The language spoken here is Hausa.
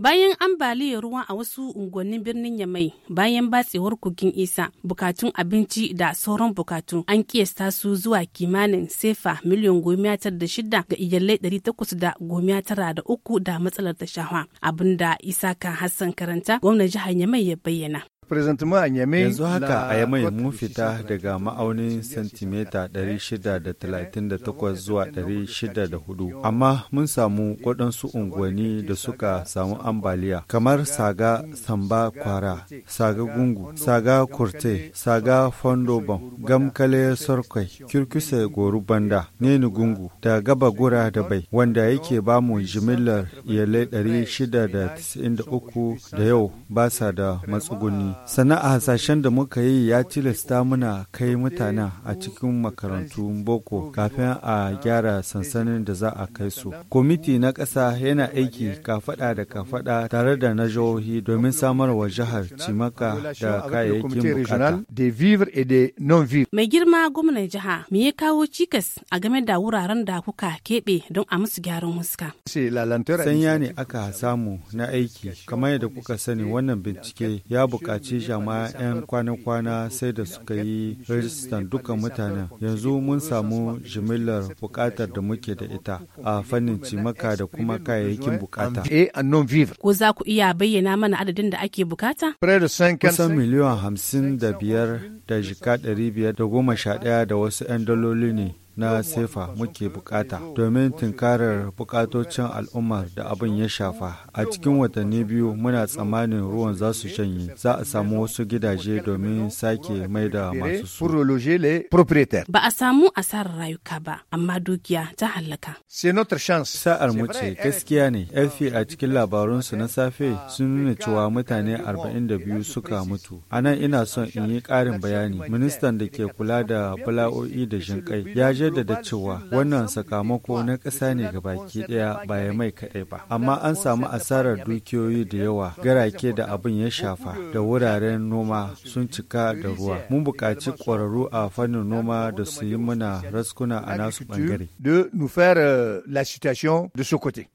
Bayan ambaliyar ruwa a wasu unguwannin birnin Yamai bayan batsewar kogin Isa, bukatun abinci da sauran bukatu an kiyasta su zuwa kimanin sefa miliyan goma da shida ga iyalai ɗari takwas da goma tara da uku da matsalar shahwa abinda da Isaka Hassan karanta gwamnan jihar Yamai ya bayyana. Yanzu haka a Yamai mun fita daga ma'aunin santimeta 638 zuwa 604, amma mun samu waɗansu unguwanni da suka samu ambaliya kamar Saga Samba Kwara, Saga Gungu, Saga Kurte, Saga Fondobon, Gamkale Sarkwai, Kirkise Goru Banda, Neni Gungu da Gaba Gura da Bai, wanda yake bamu jimillar iyalai 693 da yau ba sa da matsuguni. Sana'a hasashen da muka yi ya tilasta muna kai mutanen a cikin makarantu boko kafin a gyara sansanin da za a kai su. Kwamiti na ƙasa yana aiki kafaɗa da kafaɗa tare da na jihohi domin samar wa jihar cimaka da kayayyakin bukata. Mai girma gwamnan jiha, me ya kawo cikas a game da wuraren da kuka keɓe don a musu gyaran huska? Sanya ne aka samu na aiki, kamar yadda kuka sani wannan bincike ya buƙaci Cija ma 'yan kwana-kwana sai da suka yi rajistan dukkan mutane, Yanzu mun samu jimillar bukatar da muke da ita a fannin cimaka da kuma kayayyakin bukata. Ko za ku iya bayyana mana adadin da ake bukata? Kusan miliyan hamsin da biyar da jika ɗari biyar da goma sha ɗaya da wasu 'yan daloli ne na sefa muke bukata domin tunkarar bukatocin al'ummar da abin ya shafa a cikin watanni biyu muna tsammanin ruwan za su shanye za a samu wasu gidaje domin sake mai da masu su ba a samu asarar rayuka ba amma dukiya ta hallaka sa'ar mu ce gaskiya ne fi a cikin labarun su na safe sun nuna cewa mutane 42 suka mutu a nan ina son in yi ƙarin bayani ministan da ke kula da bala'o'i da jinƙai ya je da cewa wannan sakamako na ƙasa ne ga baki ɗaya ba ya mai kaɗai ba. Amma an samu asarar dukiyoyi da yawa garake da abin ya shafa da wuraren noma sun cika da ruwa. Mun buƙaci ƙwararru a fannin noma da su yi mana raskuna a nasu ɓangare. Euh,